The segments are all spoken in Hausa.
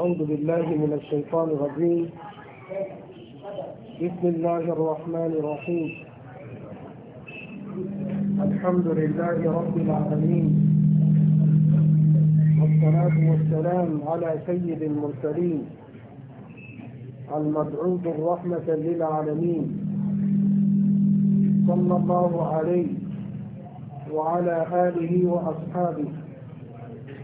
أعوذ بالله من الشيطان الرجيم بسم الله الرحمن الرحيم الحمد لله رب العالمين والصلاة والسلام على سيد المرسلين المبعوث الرحمة للعالمين صلى الله عليه وعلى آله وأصحابه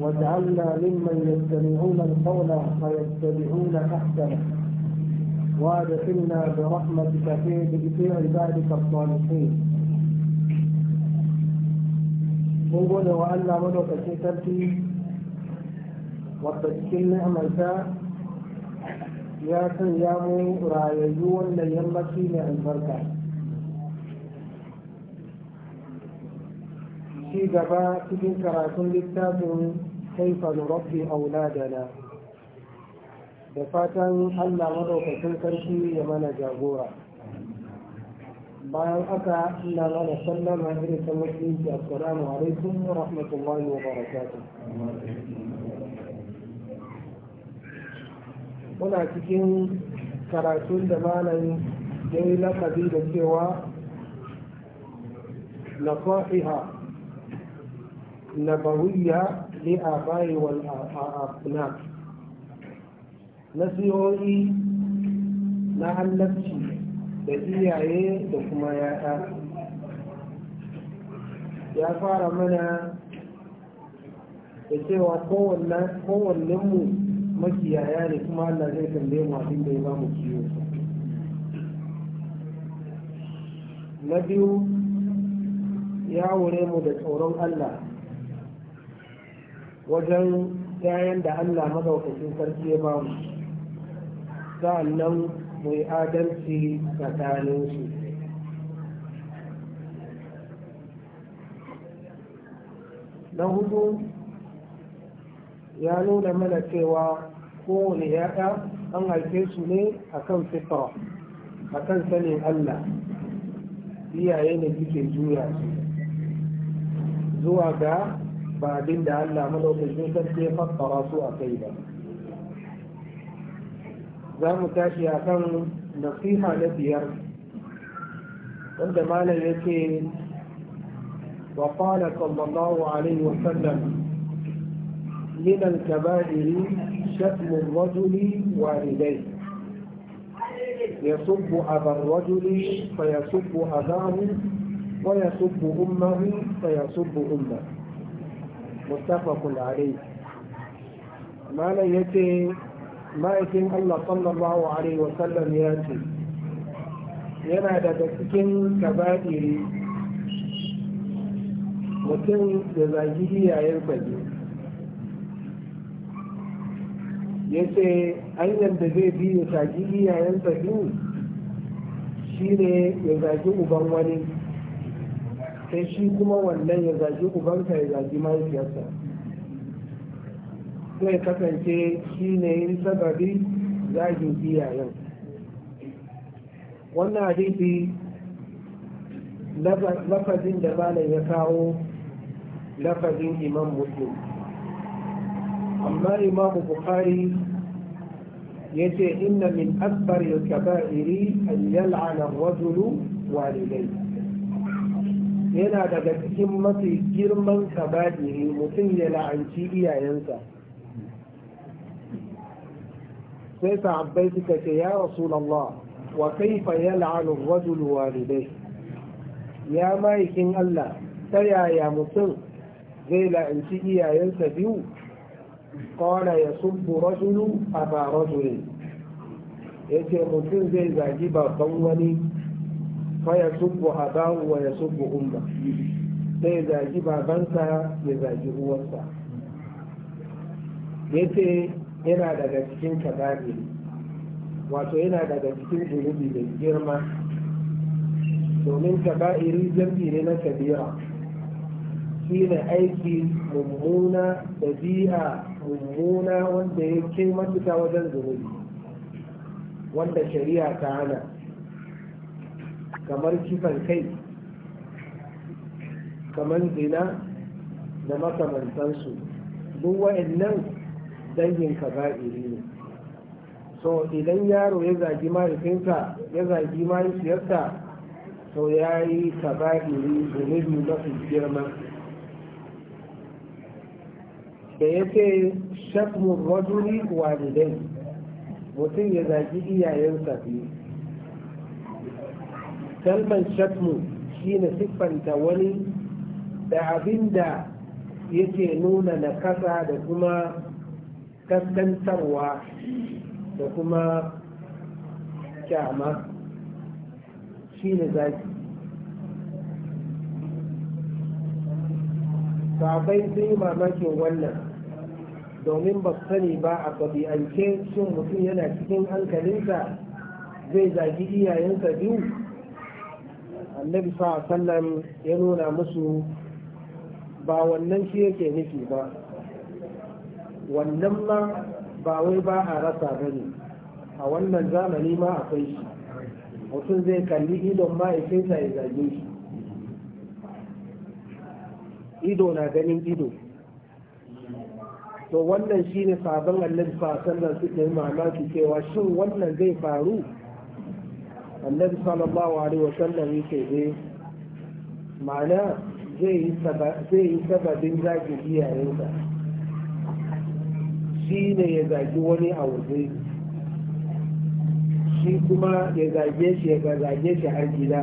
واجعلنا ممن يستمعون القول فيتبعون احسنه وادخلنا برحمتك في عبادك الصالحين mun gode wa Allah madaukakin sarki wadda cikin ni'amarsa ya sanya mu rayayyu wannan yammaci mai albarka ci gaba cikin karatun littafin kaifa a auladana da fatan Allah maɗaukacin sarki ya mana jagora bayan haka ina mana sallama irin ta musulunci assalamu alaikum wa rahmatullahi wa barakatu muna cikin karatun da malam ya yi lakabi da cewa na nabawiyya li abai wal abna nasihohi na annabci da iyaye da kuma yaya ya fara mana da cewa mu makiyaya ne kuma Allah zai tambaye mu abin da ya ba mu kiwo na biyu ya wure mu da tsoron Allah wajen yayan da Allah madaukakin sarki ya bamu sa'annan mu yi adalci tsakanin su na hudu ya nuna mana cewa kowane 'ya'ya an haife su ne akan fitra akan sanin Allah iyaye ne suke juya su zuwa ga فدل على أن عمله تجميل تزكية فطر سوء كيدا ذا متاشي نصيحة لبير عند ما لا يكين وقال صلى الله عليه وسلم من الكبائر شتم الرجل والديه يسب أبا الرجل فيسب أباه ويسب أمه فيسب أمه mustafakun alai malam ya ce ma'aikin allah sallallahu alaihi wasallam ya ce yana daga cikin kaba'iri mutum da zagi iyayen fage ya ce hanyar da zai bi ya zagi iyayen fage shi ne ya zagi uban wani sai shi kuma wannan ya zaji ubansa ya zagi mahaifiyarsa sai kasance shi ne sababi zagin iyayen wannan hadisi lafazin da malam ya kawo lafazin imam muslim amma imam bukhari ya ce inna min akbar kaba'iri an yal'ana rajulu walidai yana daga cikin mafi girman kabadiri mutum ya la'anci iyayensa sai sahabbai suka ce ya rasulallah wa kaifa yal'anu ar-rajul walidai ya ma'aikin Allah ta yaya mutum zai la'anci iyayensa biyu ya yasubbu rajulu aba Ya ce mutum zai zagi babban wani fa ya subbu abahu wa ya subbu umma sai zagi babansa ya zagi uwarsa yace yana daga cikin kabari wato yana daga cikin zunubi da girma domin kaba'iri jambi ne na kabira shi ne aiki mummuna ɗabi'a mummuna wanda ya kai matuka wajen zunubi wanda shari'a ta hana kamar kisan kai kamar zina da makamantansu duk wa'annan dangin ka iri ne so idan yaro ya zagi mahaifinka ya zagi mahaifiyarka so ya yi ka kaba'iri zunubi mafi girma da ya ce shakmun rajuli walidai mutum ya zagi iyayensa biyu kalman shatmu shine siffanta wani da abin da yake nuna nakasa da kuma kaskantarwa da kuma kyama shine zaki sabai sun yi mamakin wannan domin ba sani ba a ɗabi'ance shin mutum yana cikin hankalinsa zai zagi iyayensa biyu annabi sa sallam ya nuna musu ba wannan shi yake nufi ba wannan ma ba wai ba a rasa ba ne a wannan zamani ma akwai shi mutum zai kalli idon ma ya sa ya zage shi ido na ganin ido to wannan shi ne sabon annabi sa sallam yi mamaki cewa shin wannan zai faru annabi sallallahu alaihi wasallam yake ce eh, ma'ana zai yi sababin zagin iyayensa shi ne ya zagi wani a waje shi kuma ya zage shi ya zage shi har gida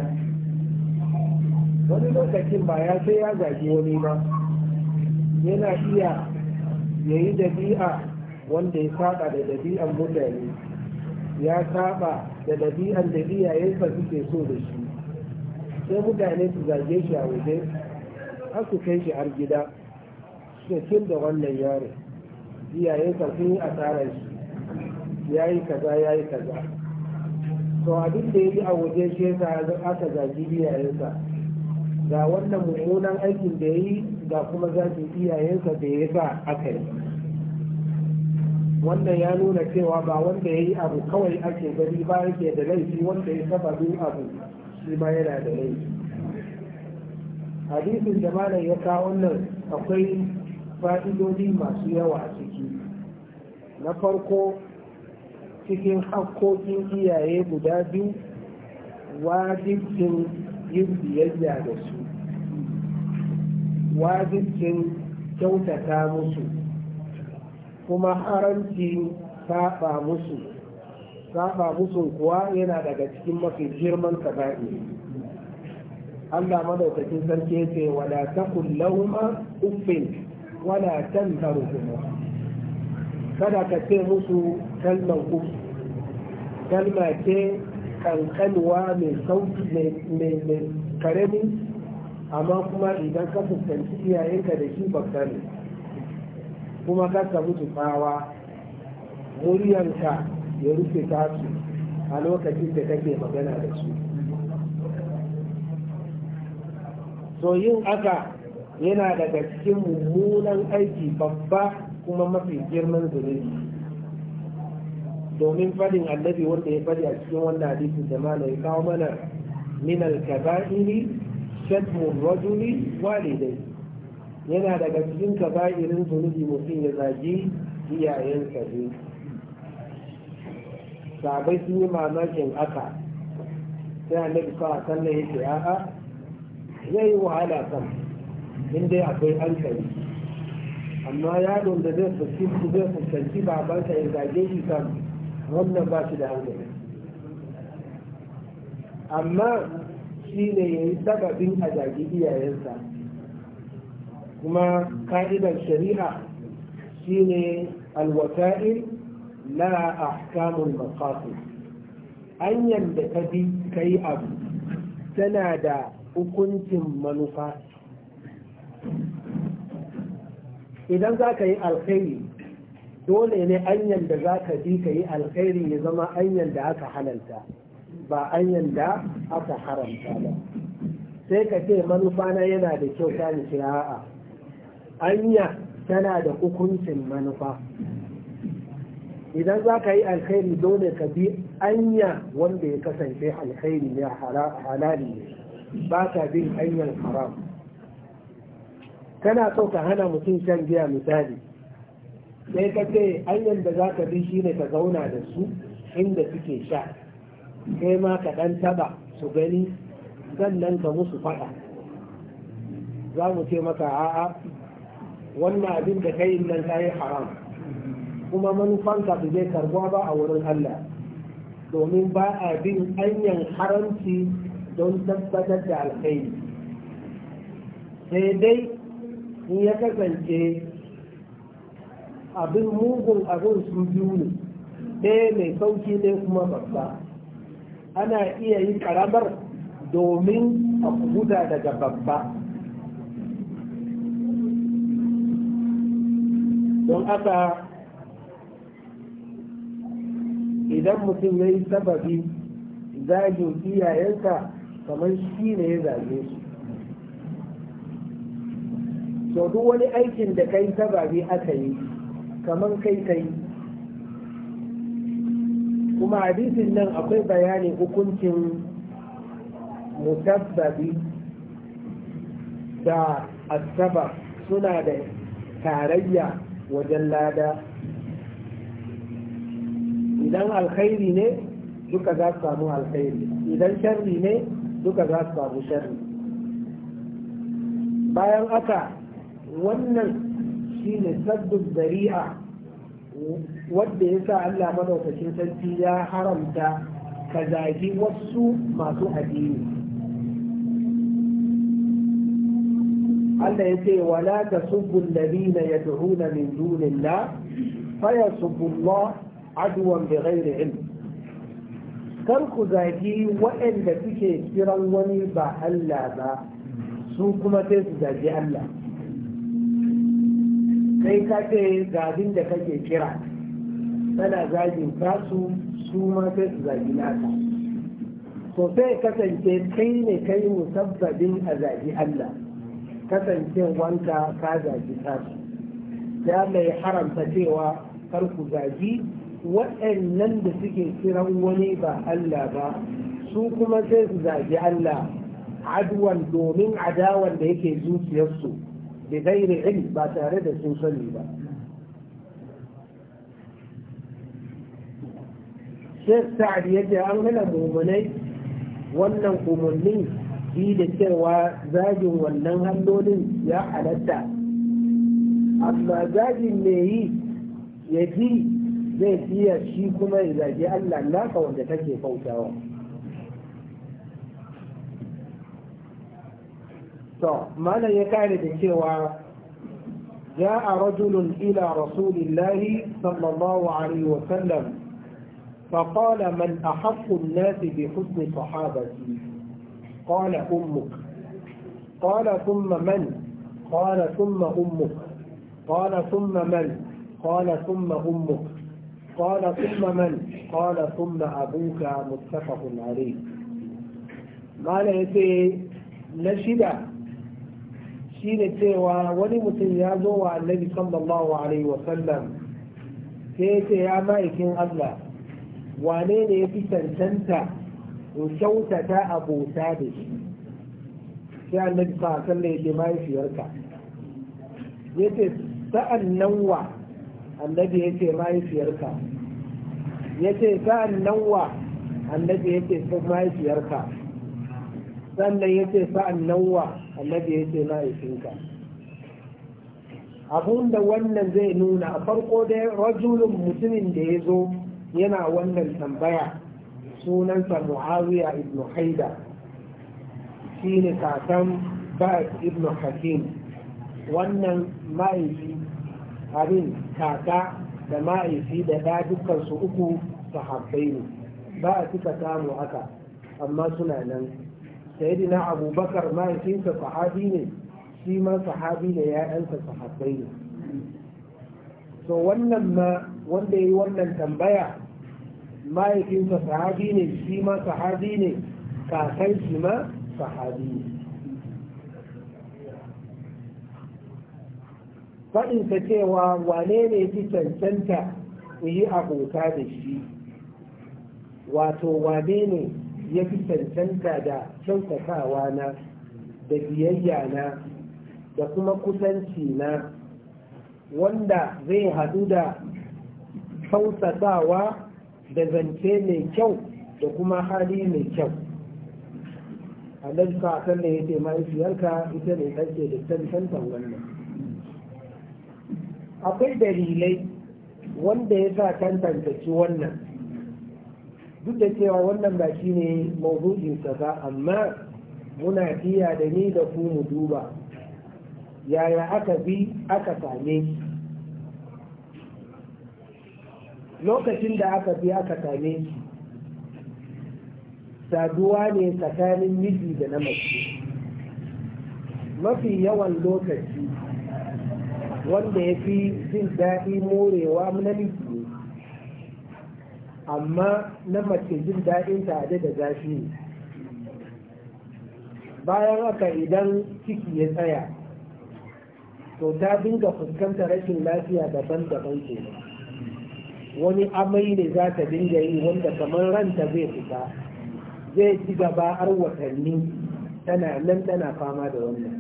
wani lokacin ba ya sai ya zagi wani ba yana iya ya yi dabi'a wanda ya saba da dabi'an mutane ya saba da ɗabi'ar da iyayensa suke so da shi sai mutane su zage shi a waje har su kai shi har gida kin da wannan yaro iyayensa sun yi asarar shi ya yi kaza ya yi kaza to abin da ya yi a waje shi yasa aka zagi iyayensa ga wannan mummunan aikin da ya yi ga kuma zagin iyayensa da ya sa aka yi wannan ya nuna cewa ba wanda ya yi abu kawai ake gani ba yake da laifi wanda ya bin abu shi ma yana da laifi hadisin da malam ya kawo nan akwai fa'idodi masu yawa a ciki na farko cikin hakkokin iyaye guda biyu wajibcin yin biyayya da su wajibcin kyautata musu kuma haramci saba musu saba musu kuwa yana daga cikin mafi girman kaba'i Allah madaukakin sarki yace wala takul lahuma uffin wala tanharuhuma kada ka ce musu kalmar uff kalma ce mai sauki mai karami amma kuma idan ka fuskanci iyayenka da shi bakka ne kuma ka samu tsawa muryanka ya rufe tasu a lokacin da kake magana da su so yin haka yana da cikin mummunan aiki babba kuma mafi girman zunubi domin fadin annabi wanda ya fadi a cikin wannan hadisin da mana ya kawo mana min al-kaba'iri rajuli walidai yana daga cikin kaba'irin zunubi mutum ya zagi iyayensa sabi sabai sun yi mamakin aka sai annabi sa sallan yake a'a zai yi wahala kan in dai akwai hankali amma yaron da zai fuskanci zai fuskanci babansa ya zage shi kan wannan ba shi da hankali amma shi ne ya yi sababin a zagi iyayensa kuma ka'idar shari'a shine alwasa'il la ahkamul maqasid hanyar da ka bi yi abu tana da hukuncin manufa idan za ka yi alkhairi dole ne anyan da za ka bi ka yi alkhairi ya zama anyan da aka halalta ba anyan da aka haramta ba sai ka ce manufa na yana da kyau ta ni a'a anya tana da hukuncin manufa idan za ka yi alkhairi dole ka bi anya wanda ya kasance alkhairi ne halali ne ba ka bin hanyar haram kana so ka hana mutum shan giya misali sai ka ce hanyar da za ka bi shi ne ka zauna da su inda suke sha kai ma ka dan taba su gani sannan ka musu faɗa za mu ce maka a'a wannan abin da kai nan ta haram kuma manufanka da zai karbuwa ba a wurin Allah domin ba a bin hanyar haramci don tabbatar da alkhairi sai dai in ya kasance abin mugun abin su biyu ne ɗaya mai sauki ne kuma babba ana iya yin karamar domin a kuda daga babba don haka idan mutum ya yi sababi zagin iyayensa kamar shi ne ya zage su so duk wani aikin da kai sababi aka yi kamar kai kai kuma hadisin nan akwai bayanin hukuncin musabbabi da asaba suna da tarayya wajen lada idan alkhairi ne duka za su samu alkhairi idan sharri ne duka za su samu sharri bayan aka wannan shi ne sabbin dari'a, wadda ya sa Allah madaukakin sarki ya haramta ka zagi wasu masu addini Allah ya ce wala ta tasubbu alladhina yad'una min dunillah fayasubbu Allah adwan bighairi ilm kar ku zagi waɗanda suke kiran wani ba Allah ba su kuma sai su zagi Allah kai ka ce ga abin da kake kira tana zagin kasu su ma sai su zagi naka to sai kasance kai ne kai musabbabin a zagi Allah wanda ka zagi ta ya mai ya haramta cewa kar ku zagi waɗannan da suke kiran wani ba Allah ba su kuma sai su zagi Allah aduwan domin adawan da yake zuciyarsu da gairi ilmi ba tare da sun sani ba sai Sa'ad ya an hana mummunai wannan umarnin bi da cewa zagin wannan hallolin ya halatta amma zagin ne yi ya ji zai fiya shi kuma ya zagi Allah naka wanda take kautawa to mana ya kare da cewa جاء رجل إلى رسول الله صلى الله عليه وسلم فقال من أحق الناس بحسن صحابتي قال أمك قال ثم من قال ثم أمك قال ثم من قال ثم أمك قال ثم من قال ثم أبوك متفق عليه ما shine cewa wani mutum ya zo wa annabi sallallahu sai ya ce ya Allah Wanene ya fi ku kyautata abota da shi sai annabi sa sallah yake mahaifiyarka yace sa'an nan wa annabi yace mahaifiyarka yace sa'an nan wa annabi yace mahaifiyarka sannan yace sa'an nan wa annabi yace mahaifinka abun da wannan zai nuna a farko dai rajulun mutumin da ya zo yana wannan tambaya sunansa muawiya ibn haida shi ne kakan ba'ad ibn hakim wannan ma'aifi kaka da ma'aifi da ɗa dukkansu uku sahabbai ne ba a cika samu haka amma suna nan Saidina abubakar mahaifinsa sahabi ne shi ma sahabi da ya'yansa sahabbai ne To wannan ma wanda ya yi wannan tambaya mahaifinsa sahabi ne shi ma sahabi ne kakan shi ma sahabi ne faɗinsa cewa wane ne fi cancanta ku yi abota da shi wato wane ne ya fi cancanta da kyautatawa na da biyayya na da kuma kusanci na wanda zai haɗu da kyautatawa da zance mai kyau da kuma hali mai kyau annabi sa kan ne yace mahaifiyarka ita ne kake da tantantan wannan akwai dalilai wanda ya sa tantance wannan duk da cewa wannan ba shi ne mawdu'insa ba amma muna fiya da ni da ku mu duba yaya aka bi aka same shi lokacin da aka fi aka same shi saduwa ne tsakanin miji da na mace mafi yawan lokaci wanda ya fi jin daɗi morewa na miji amma na mace jin daɗin ta da zafi ne. bayan haka idan ciki ya tsaya to ta dinga fuskantar rashin lafiya daban-daban kenan wani amai ne za ta dinga yi wanda kamar ranta zai fita zai ci gaba har watanni tana nan tana fama da wannan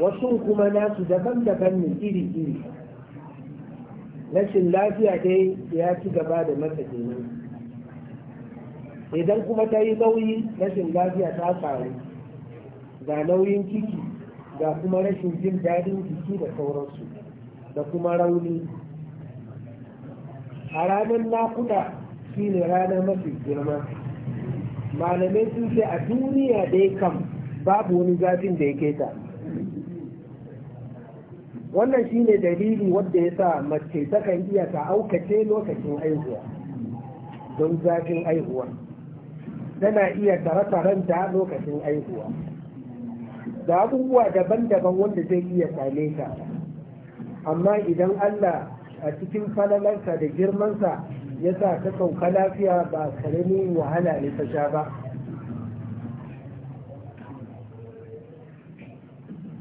wasu kuma nasu daban-daban ne iri-iri rashin lafiya dai ya ci gaba da masa kenan idan kuma ta yi nauyi rashin lafiya ta faru ga nauyin ciki ga kuma rashin jin daɗin jiki da sauransu da kuma rauni a ranar nakuda shine ranar mafi girma malamai sun ce a duniya dai kam babu wani zafin da ya keta wannan shine dalili wadda ya sa mace takan iya ta aukace lokacin aihuwa don zafin haihuwa tana iya tare ranta lokacin aihuwa, da abubuwa daban-daban wanda zai iya same ta amma idan allah a cikin falalarsa da girmansa ya sa ta sauka lafiya ba karami wahala ne ta sha ba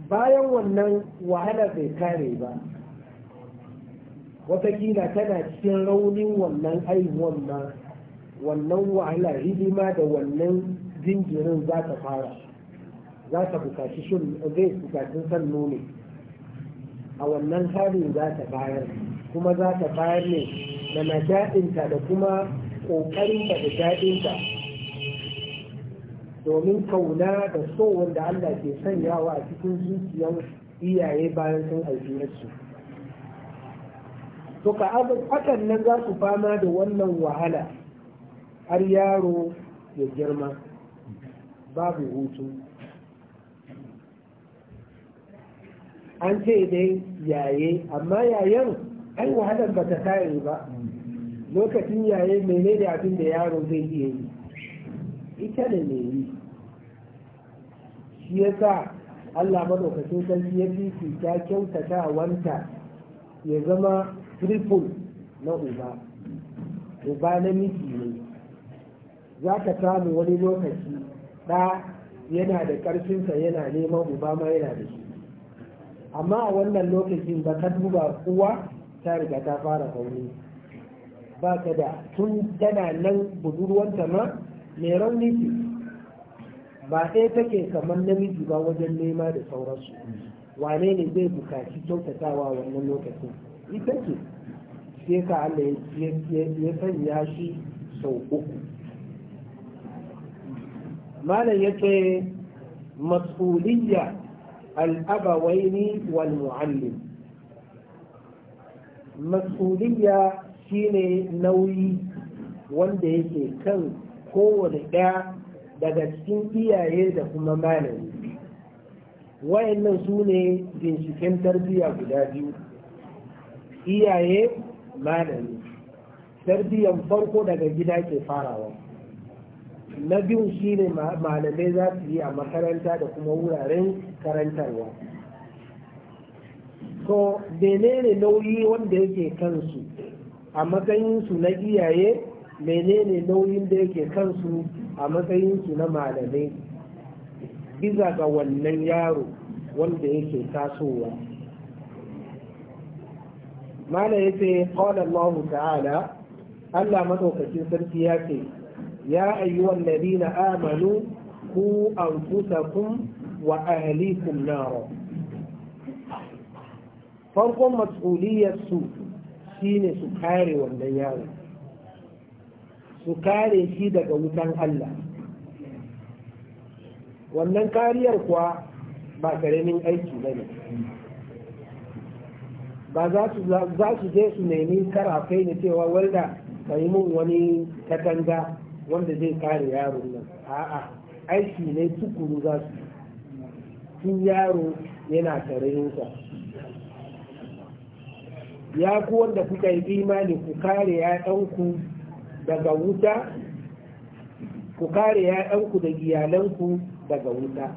bayan wannan wahala bai kare ba watakila tana cikin raunin wannan aihuwan ma wannan wahala hidima da wannan jinjirin za ta fara za ta bukaci shan zai bukatun san nuni. a wannan halin za ta bayar kuma za ta bayar ne da naja'inta da kuma ƙoƙarinta da daɗinta domin kauna da so wanda Allah ke sanyawa a cikin zuciyar iyaye bayan sun aljiyarsu. To ka hakan nan za su fama da wannan wahala har yaro ya girma babu hutu. An ce dai yaye, amma yayen ai wahalar ba ta kare ba lokacin yaye mene da abin da yaro zai iya yi ita da ne yi shi ya sa Allah madaukakin sarki ya fi ta kyautata wanta ya zama triple na uba uba na miji ne za ka samu wani lokaci ɗa yana da ƙarfinsa yana neman uba ma yana da shi amma a wannan lokacin ba ka duba uwa ta riga ta fara rauni ba ka da tun tana nan budurwanta ma mai rauni ce ba ɗaya take kamar namiji ba wajen nema da sauransu wane ne zai bukaci kyautatawa wannan lokacin ita ce sai ka Allah ya sanya shi sau uku malam ya ce mas'uliyya al Waini wal mu'allim mas'uliyya shine nauyi wanda yake kan kowane ɗaya daga cikin iyaye da kuma malami wayannan su ne binciken tarbiyya guda biyu iyaye malami Tarbiyyan farko daga gida ke farawa na biyu shine malamai za su yi a makaranta da kuma wuraren karantarwa to menene nauyi wanda yake kansu a matsayinsu na iyaye menene nauyin da yake kansu a matsayinsu na malamai bisa ga wannan yaro wanda yake tasowa mana ya ce Allah ta'ala Allah maɗaukacin sarki ya ce ya ayyuwan na amanu ku anfusakum wa ahlikum naro farkon matsuliyar su shine su kare wannan yaro su kare shi daga wutan Allah wannan kariyar kuwa ba karamin aiki ba ne ba za su je su nemi karafai ne cewa walda ka yi mun wani katanga wanda zai kare yaron nan a'a aiki ne tukuru za su yaro yana tarayinsa ya ku wanda kuka yi imani ku kare ‘ya'yanku daga wuta ku kare ‘ya'yanku da iyalanku daga wuta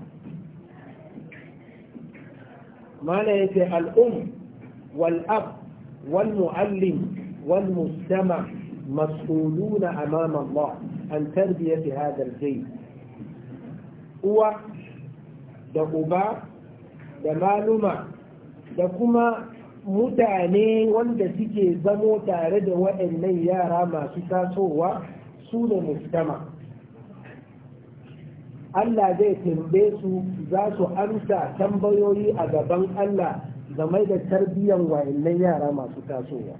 mana ya ce al'um wal'ab wal mu'allim wal mustama mas'uluna amama Allah an tarbiyyati hadar zai. uwa da uba da maluma da kuma mutane wanda suke zamo tare da waɗannan yara masu tasowa su ne mujtama Allah zai tambaye su za su amsa tambayoyi a gaban Allah game da tarbiyyar wayannan yara masu tasowa.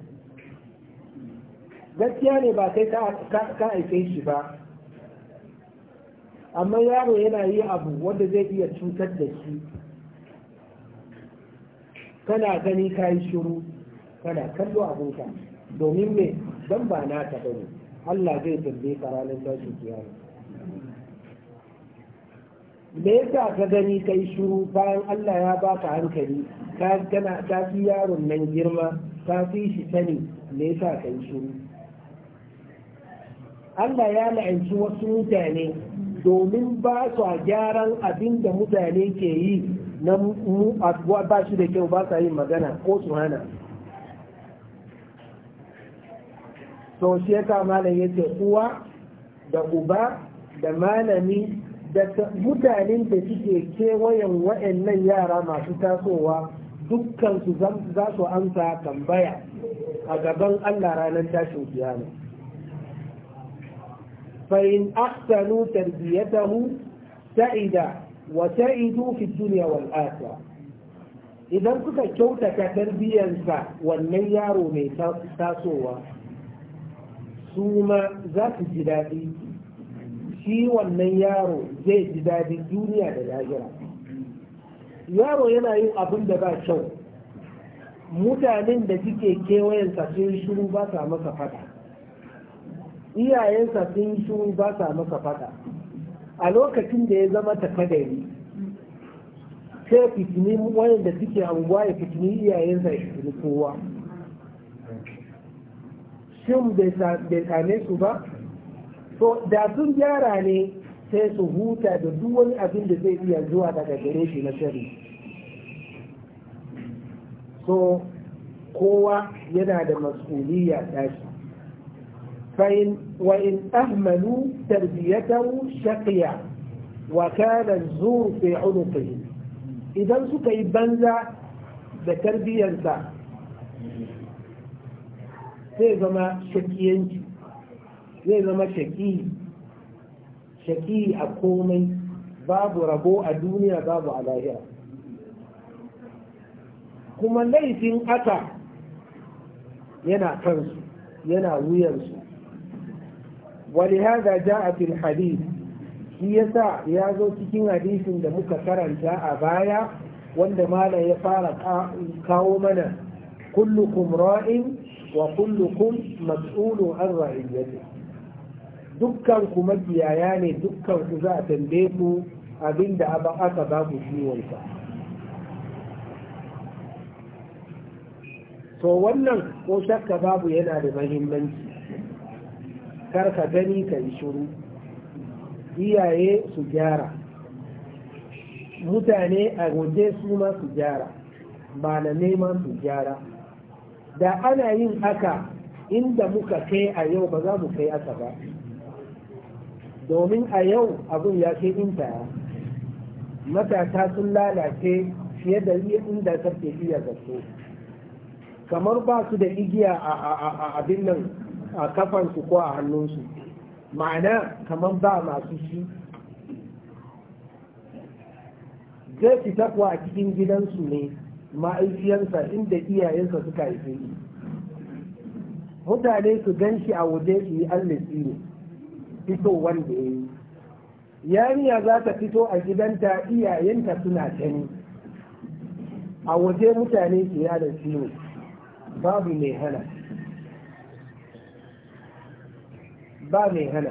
Gaskiya ne ba kai ka aike shi ba, amma yaro yana yi abu wanda zai iya cutar da shi kana gani ka yi shiru kana kallo abinka domin me don ba na ta bane Allah zai tambaye ka ranar tashin kiyama me yasa ka gani ka yi shiru bayan Allah ya baka hankali ka kana ka fi yaron nan girma ka fi shi sani me yasa ka yi shiru Allah ya la'anci wasu mutane domin ba su a gyaran abin da mutane ke yi na mu ba shi da kyau ba sa yin magana ko su hana so shi yasa malam ce, uwa da uba da malami da mutanen da suke kewayen wa'annan yara masu tasowa dukkan su za su amsa tambaya a gaban Allah ranar tashin kiyama fa in ahsanu tarbiyatahu sa'ida wa ta'idu fi dunya wal akhirah idan kuka kyautata tarbiyyarsa wannan yaro mai tasowa suma ma za su ji daɗi shi wannan yaro zai ji daɗi duniya da lahira yaro yana yin abin da ba kyau mutanen da suke kewayensa sun shiru ba sa masa faɗa. iyayensa sun shuru ba sa masa fada a lokacin da ya zama takadari sai fitini da suke anguwa ya fitini iyayensa ya fitini kowa shin bai same su ba So da sun gyara ne sai su huta da duk wani abin da zai iya zuwa daga gare shi na shari so kowa yana da mas'uliyya tashi فإن وإن أهملوا تربيته شقيا وكان الزور في عنقه إذا سكا يبنزا بتربية zai zama shakiyanci zai zama shaki a komai babu rago a duniya babu a lahira kuma laifin aka yana kansu yana wuyansu ولهذا a في الحديث shi yasa ya zo cikin hadisin da muka karanta a baya wanda malam ya fara kawo mana kullukum ra'in wa kullukum mas'ulun an ra'iyyati dukkan ku makiyaya ne dukkan za a tambaye abinda aka babu ku ciwonsa to wannan ko shakka babu yana da mahimmanci kar ka gani ka yi shiru iyaye su gyara mutane a waje su ma su gyara na neman su gyara da ana yin haka inda muka kai a yau ba za mu kai aka ba domin a yau abin ya ke inta matasa sun lalace fiye da inda karfe iya zato kamar ba su da igiya a abin nan a kafansu ko a hannunsu ma'ana kamar ba masu shi zai fita kuwa a cikin gidansu ne ma'aikiyansa inda iyayensa suka haife shi mutane su gan shi a waje su yi allafi ne fito wanda ya yi yariya za ta fito a gidanta iyayenta suna gani a waje mutane su yi allafi ne babu mai hana ba mai hana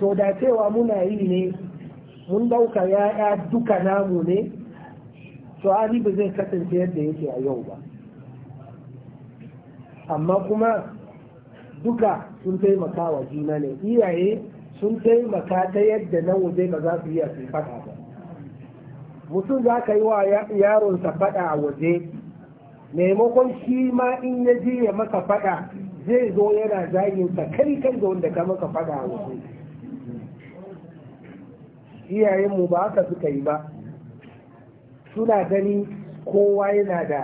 so da cewa muna yi ne mun ɗauka ya'ya duka namu ne to hali ba zai kasance yadda yake a yau ba amma kuma duka sun taimaka wa juna ne iyaye sun taimaka ta yadda na waje ba za su iya sun faɗa ba mutum za ka yi wa yaronsa faɗa a waje maimakon shi ma in ya je ya maka faɗa zai zo yana zagin sa kai kai da wanda ka maka fada a wasu iyayenmu ba haka suka yi ba suna gani kowa yana da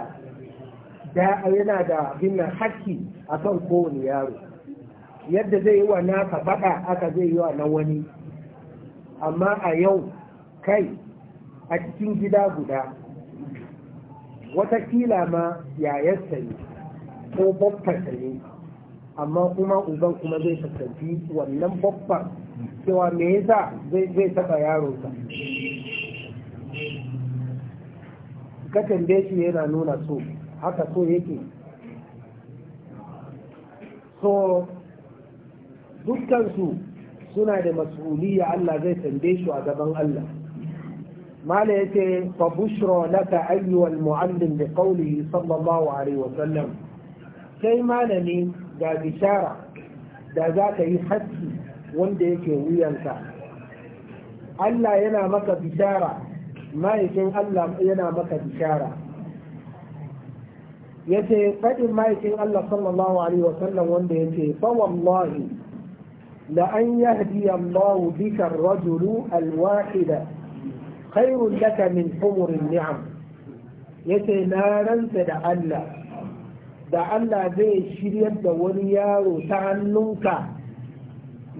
da yana da binnan haƙƙi a kan kowane yaro yadda zai yi wa naka faɗa aka zai yi wa na wani amma a yau kai a cikin gida guda wata kila ma yayarsa ne ko babbarsa ne amma kuma uban kuma zai fuskanci wannan babban cewa me yasa zai taɓa yaronsa ka tambaye shi yana nuna so haka so yake so dukkansu suna da mas'uliyya Allah zai tambaye shi a gaban Allah mala yace fa bushra laka ayyuha muallim bi qawlihi sallallahu alaihi wa sallam kai malami da bishara da za ka yi haski wanda yake wuyanka Allah yana maka bishara ma'aikin Allah yana maka bishara Ya ce faɗin ma'aikin Allah sallallahu alaihi wasallam wanda yace fa wallahi la an yahdi Allah bika ar-rajulu al-wahida khairun laka min humur ni'am yace na ranta da Allah da Allah zai shiryar da wani yaro ta hannunka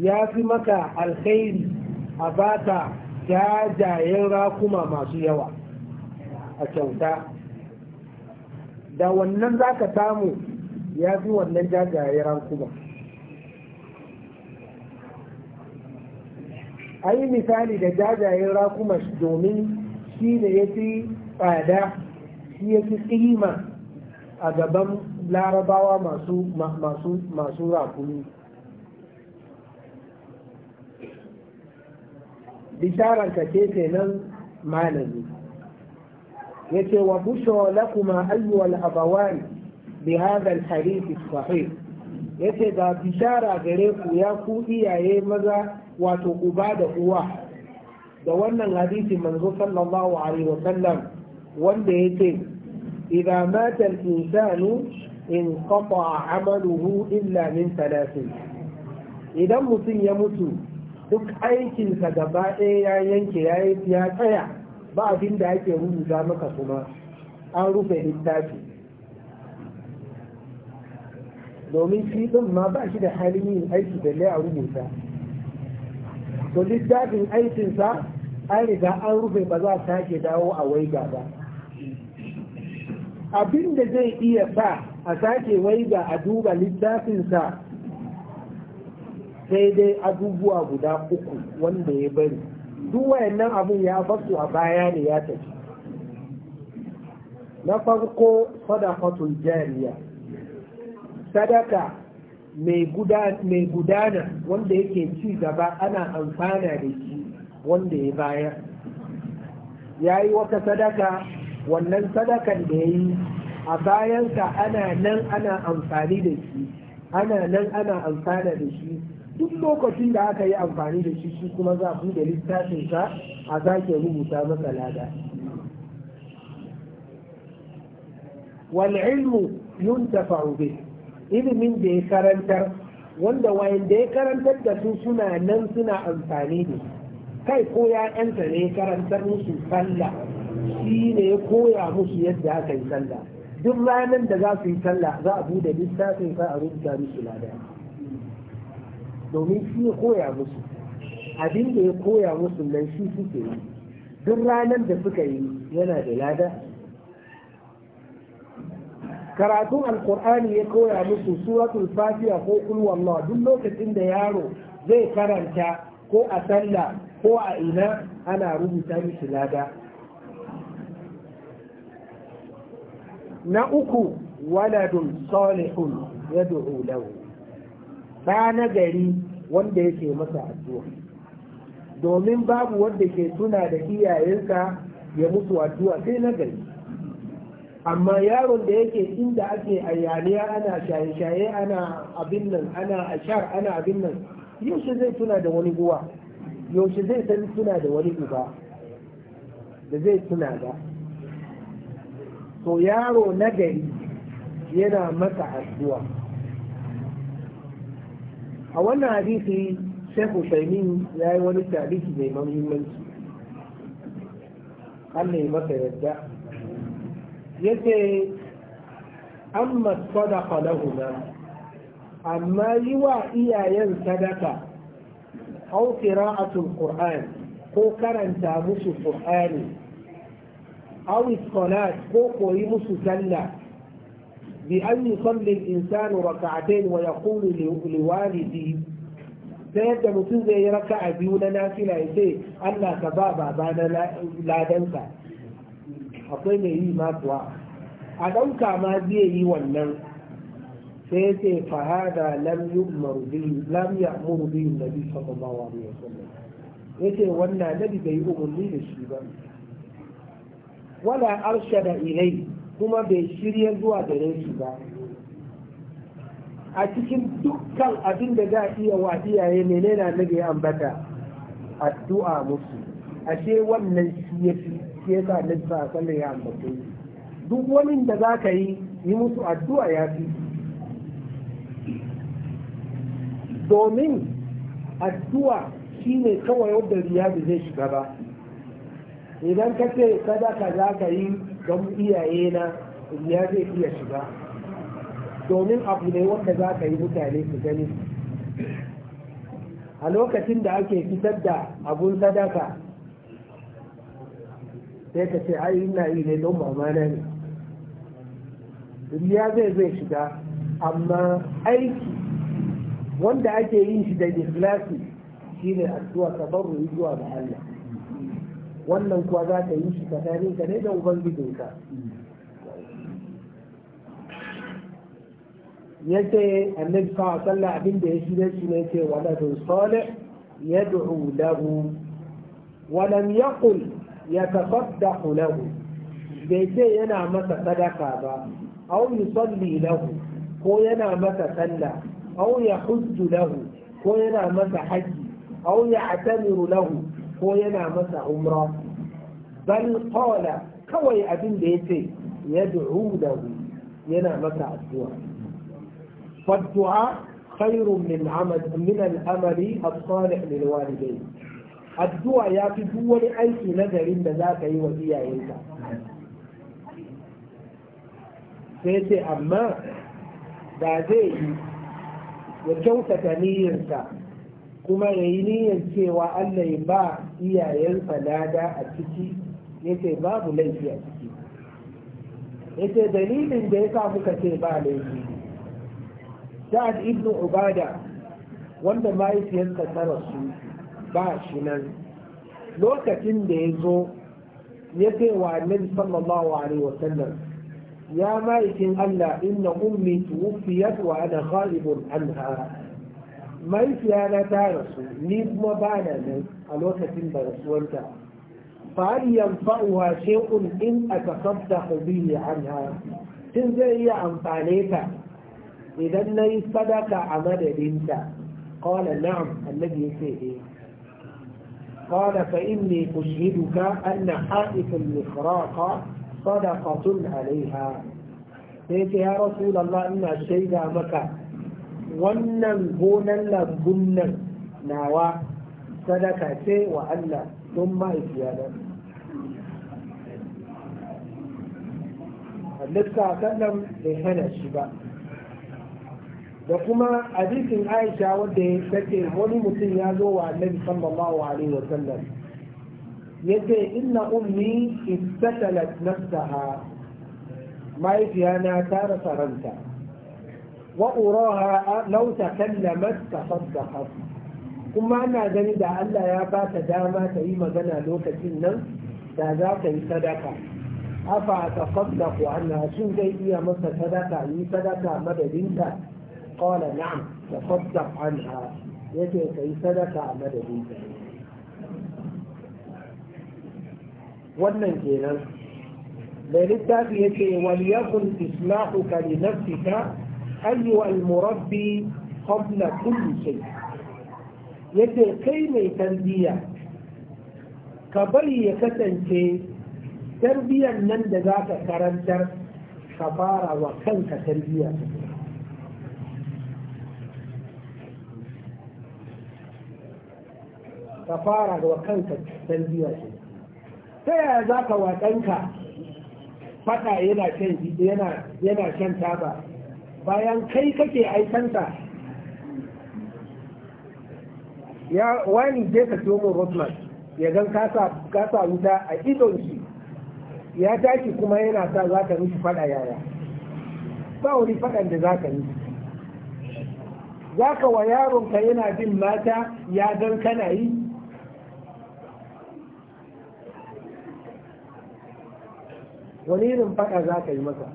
ya fi maka alkhairi a ba ta jajayen rakuma masu yawa a kyauta da wannan za ka samu ya fi wannan jajayen rakuma a yi misali da jajayen rakuma domin shi ne ya fi tsada shi ya fi tsima a gaban larabawa masu masu masu ka ce kenan malami yace wa bushra lakuma ayyuhal abawani bi hadha al-hadith sahih yace ga bishara gare ku ya ku iyaye maza wato uba da uwa da wannan hadisi manzo sallallahu alaihi wa sallam wanda yace idan mata al-insanu In amaluhu illa min من Idan mutum ya mutu, duk aikinsa gaba ɗaya ya yanke ya yi ya tsaya ba abin da ake rubuta maka kuma an rufe littafi domin shi ɗin ma ba shi da halin yin aiki da a rubuta to littafin aikinsa an riga an rufe ba za a sake dawo a waiga ba abin da zai iya sa a sake wai waiga a duba littafinsa sai dai abubuwa guda uku wanda ya bari duk wayannan abin ya basu a baya ne ya tafi na farko sadaqatul jariya sadaka mai gudana wanda yake ci gaba ana amfana da shi wanda ya bayar ya yi wata sadaka wannan sadakan da ya yi a bayansa ana nan ana amfani da shi ana nan ana amfana da shi duk lokacin da aka yi amfani da shi shi kuma za da littafin littafinsa a sake rubuta masa lada wal ilmu yuntafa'u bih ilimin da ya karantar wanda wayanda ya karantar da su suna nan suna amfani da kai ko ya'yanta ne ya karantar musu sallah shi ne ya koya musu yadda aka yi sallah duk ranar da za su yi sallah za a bude lissafin ka a rubuta musu lada domin shi ya koya musu abin da ya koya musu nan shi suke yi duk ranar da suka yi yana da lada karatun alkur'ani ya koya musu suratul fatiha ko kul wallah duk lokacin da yaro zai karanta ko a sallah ko a ina ana rubuta musu lada na uku waladun salihun ya du'u lahu ba na gari wanda yake masa addu'a domin babu wanda ke tuna da iyayenka ya mutu addu'a sai na gari amma yaron da yake inda ake ayyaniya ana shaye-shaye ana abin nan ana ashar ana abin nan yaushe zai tuna da wani guwa yaushe zai tuna da wani uba da zai tuna da to yaro na gari yana mata addu'a a wannan hadisi shekhu shaimin ya yi wani tarihi mai mahimmanci Allah ya masa yadda ya ce amma sadaka lahuna amma yi wa iyayen sadaka au qira'atul qur'an ko karanta musu qur'ani awi salat ko koyi musu sallah bi an yusalli al-insanu raka'atayn wa yaqulu li walidihi ta yadda mutum zai yi raka a biyu na nafila ya Allah ka ba baba na ladansa akwai mai yi ma kuwa a ɗauka ma zai yi wannan sai ce fahada lam yu'maru bihi lam ya'muru bihi nabi sallallahu alaihi wasallam yace wannan nabi bai umarni da shi ba wala da ilai kuma bai shirya zuwa gare shi ba a cikin dukkan abin da za a iya wa iyaye menene annabi ya ambata addu'a musu ashe wannan shi ya fi shi ya sa annabi a sallan ya ambata duk wani da za ka yi yi musu addu'a ya fi domin addu'a ne kawai wadda riyadu zai shiga ba idan ka ce sadaka za ka yi don iyaye na ya zai iya shiga domin abu ne wanda za ka yi mutane su gani a lokacin da ake fitar da abun sadaka sai ka ce ai ina yi ne don mamana ne ya zai zai shiga amma aiki wanda ake yin shi da ikhlasi shine addu'a tabarru zuwa ga Allah wannan kuwa za ka yi shi tsakanin ka ne da ubangijinka ya ce annabi sa sallah abin da ya shirya shi ne ce waladun salih yad'u lahu wa lam yaqul yatasaddahu lahu bai ce yana masa sadaka ba aw yusalli lahu ko yana masa sallah aw yahujju lahu ko yana masa haji aw ya'tamiru lahu ko yana masa umra bal qala kawai abin da yace yad'u da yana masa addu'a fa du'a khairun min amal min al-amali al salih lil walidayn addu'a ya fi duk wani aiki na garin da zaka yi wa iyayenka sai ce amma da zai yi ya kyautata niyyarsa kuma ya yi niyyar cewa Allah ya ba iyayensa lada a ciki yace babu laifi a ciki yace dalilin da ya sa muka ce ba laifi Sa'ad ibn Ubada wanda mahaifiyarsa ta rasu ba shi nan lokacin da ya zo ya ce wa annabi sallallahu alaihi wasallam ya ma'aikin Allah inna ummi tuwfiyat wa ana ghalibun anha mahaifiyana ta rasu ni kuma ba na nan a lokacin da rasuwanta fa'al yanfa'uha shay'un in atasaddaqu bihi anha tun zai iya amfane ta idan na yi sadaka a madadinta qala na'am annabi yace eh قال فإني أشهدك أن حائف المخراق صدقة عليها قلت يا رسول الله إن الشيء مكة wannan gonan lambun nan nawa sadaka ce wa Allah don mahaifiya nan halitta sallam bai hana shi ba da kuma hadisin aisha wanda ya wani mutum ya zo wa annabi sallallahu alaihi wa sallam yace inna ummi istatalat nafsaha mahaifiyana ta rasa ranta وأراها لو تكلمت تصدقت كما أنا ذنب ألا يا بات داما تأيما ذنى لوك جنة ذاك يصدق أفا تصدق عنها شن جيدية مصر صدق أي صدق مددينك قال نعم تصدق عنها يتي كي صدق مددينك wannan kenan da littafi yake waliyakun islahuka أيها المربي قبل كل شيء yadda kai mai tarbiyya ka bari ya kasance tarbiyyar nan da za ka karantar ka fara wa kanka tarbiyya ka fara wa kanka tarbiyya ta yaya za ka wa ɗanka faɗa yana shan taba bayan kai kake aikanta ya wani je ka siyo min rotman ya gan kasa wuta a idon shi ya tashi kuma yana sa za ka nufi fada yaya ba wani fadan da za ka yi za ka wa yaronka yana bin mata ya gan kana yi wani irin fada za ka yi masa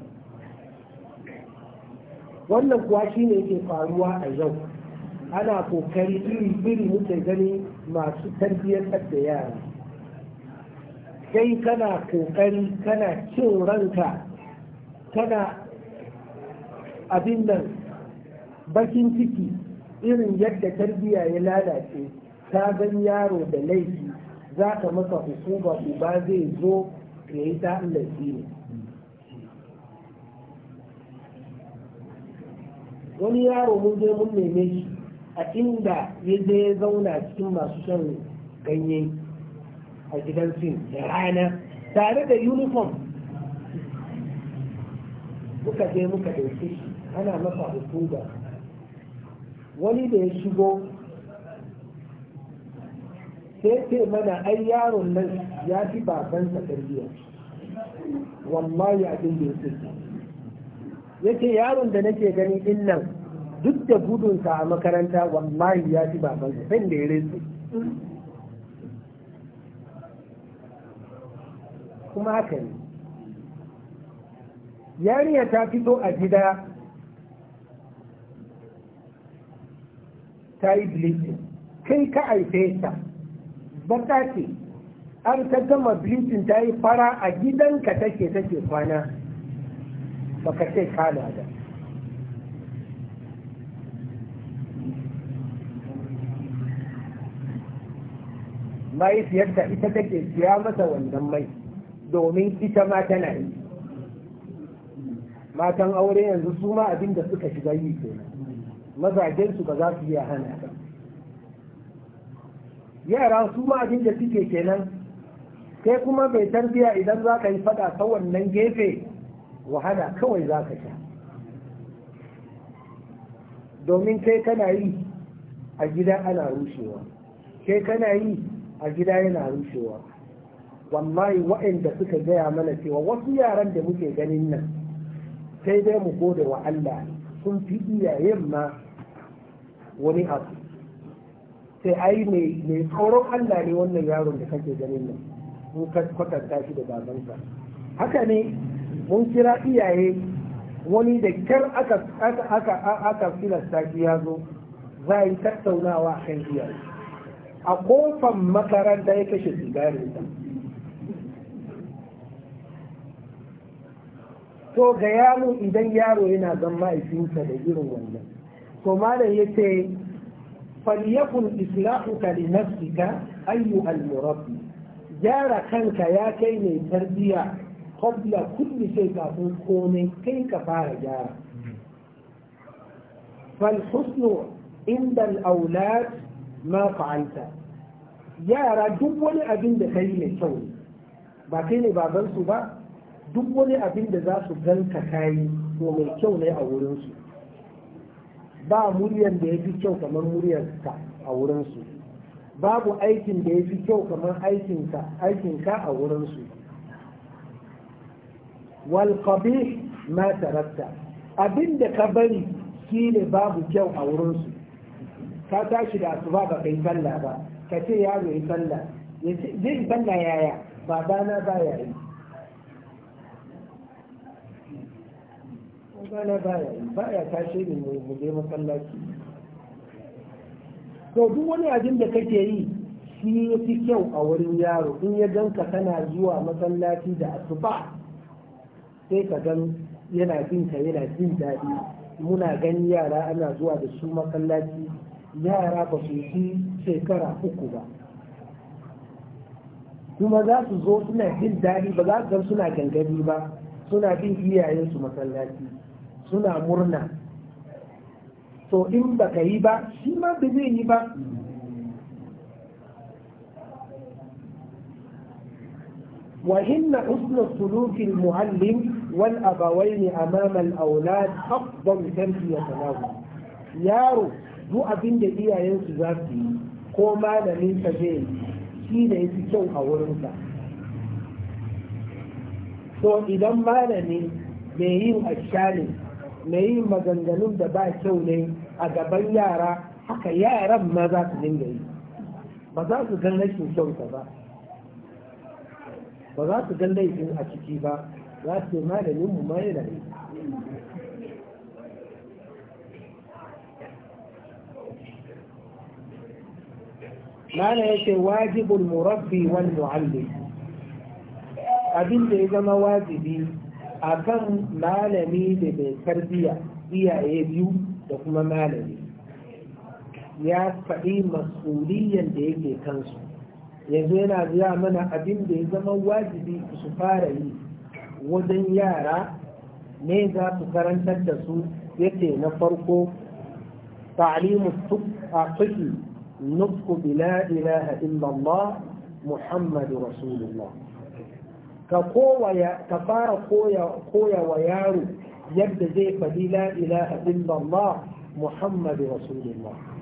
wannan kuwa shi ne ke faruwa a yau ana kokari iri iri muke gani masu tarbiyyar da yara sai kana kokari kana cin ranka kana abin nan bakin ciki irin yadda tarbiyya ya lalace ta gan yaro da laifi za ka masa hukuma uba zai zo ya yi ta ne wani yaro mun je mun neme shi a inda ya je ya zauna cikin masu shan ganye a gidan sin da rana tare da uniform muka je muka ɗauki shi ana masa hukuma wani da ya shigo sai ce mana ai yaron nan ya fi babansa tarbiyya wallahi abin da ya Yake yaron da nake gani din nan duk da gudunsa a makaranta wallahi ya ci baban san da ya resu kuma haka ne yariya ta fito a gida ta yi bleaching kai ka aife ta baka ce an ta gama bleaching ta yi fara a gidanka take take kwana baka ce ka ba mahaifiyarta ita take siya masa wannan mai domin ita ma tana yi matan aure yanzu su ma abin da suka shiga yi ke mazajensu ba za su iya hana ba yara su ma abin da suke kenan sai kuma bai tarbiya idan za ka yi fada ta wannan gefe wahala kawai za ka sha domin kai kana yi a gida ana rushewa kai kana yi a gida yana rushewa wallahi wa'anda suka gaya mana cewa wasu yaran da muke ganin nan sai dai mu gode wa Allah sun fi iyayen ma wani abu sai ai mai tsoron Allah ne wannan yaron da kake ganin nan in kwatanta shi da babansa haka ne mun kira iyaye wani da kyar aka filasta ya zo za a yi tattaunawa a kan iyaye a kofan makaranta ya kashe ta. to ga yaro idan yaro yana zan ma'aifinsa da irin wannan to malam ya ce faliyakun islahuka li nafsika ayyu al-murabbi gyara kanka ya kai mai tarbiyya Kobla kulli shay kafin komai kai ka fara gyara fal husnu inda al-aulad ma fa'alta yara duk wani abin da kai mai kyau ne ba kai ne babansu ba duk wani abin da za su ganka kai to mai kyau ne a wurinsu ba muryar da ya fi kyau kamar muryarka a wurinsu babu aikin da ya fi kyau kamar ka a wurinsu wal qabih ma tarakta abinda ka bari shine babu kyau a wurin su ka tashi da asuba baka kai sallah ba ka ce yaro yi sallah zai sallah yaya babana ba ya yi babana ba ya yi ba ya tashe ni mu je masallaci Ko duk wani abin da kake yi shi ya fi kyau a wurin yaro in ya ganka kana zuwa masallaci da asuba sai ka gan yana jin ka yana jin daɗi muna gani yara ana zuwa da su masallaci yara ba su yi shekara uku ba kuma za su zo suna jin daɗi ba za su gan suna gangami ba suna bin iyayensu masallaci suna murna to in ba ka yi ba shi ma ba zai yi ba وإن حسن سلوك المعلم والأبوين أمام الأولاد أفضل تربية له yaro duk abin da iyayensu za su yi ko malaminsa zai yi shi ne fi kyau a wurinsa To idan malami mai yin ashali mai yin maganganun da ba kyau ne a gaban yara haka yaran ma za su dinga yi ba za su gan rashin kyauta ba ba za su gan laifin a ciki ba za su ce malamin mu ma da yi ya ce wajibul murabbi wal mu'allim abin da ya zama wajibi akan malami da bai tarbiya iyaye biyu da kuma malami ya faɗi masuliyan da yake kansu yanzu yana gaya mana abin da ya zama wajibi su fara yi wajen yara ne za su karantar da su yake na farko ta'limu tuqi nutqu bi la ilaha illa Muhammadu Rasulullah ka fara koya wa yaro yadda zai faɗi la ilaha illa Muhammadu Rasulullah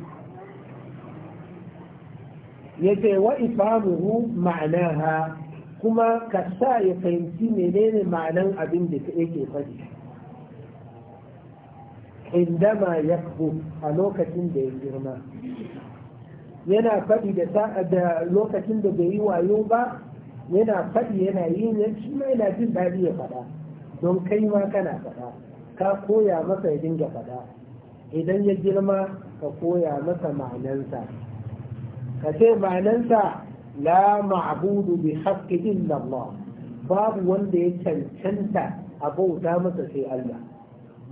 yace wa ifamuhu ha kuma ka sa ya fahimci menene ma'anan abin da yake faɗi indama ya a lokacin da ya girma yana faɗi da lokacin da bai yi wayo ba yana faɗi yana yin shi ma yana jin daɗi ya faɗa don kai ma kana faɗa ka koya masa ya dinga faɗa idan ya girma ka koya masa ma'anansa ka ce manansa la ma'budu bi haqqi illa babu wanda ya cancanta a bauta masa sai Allah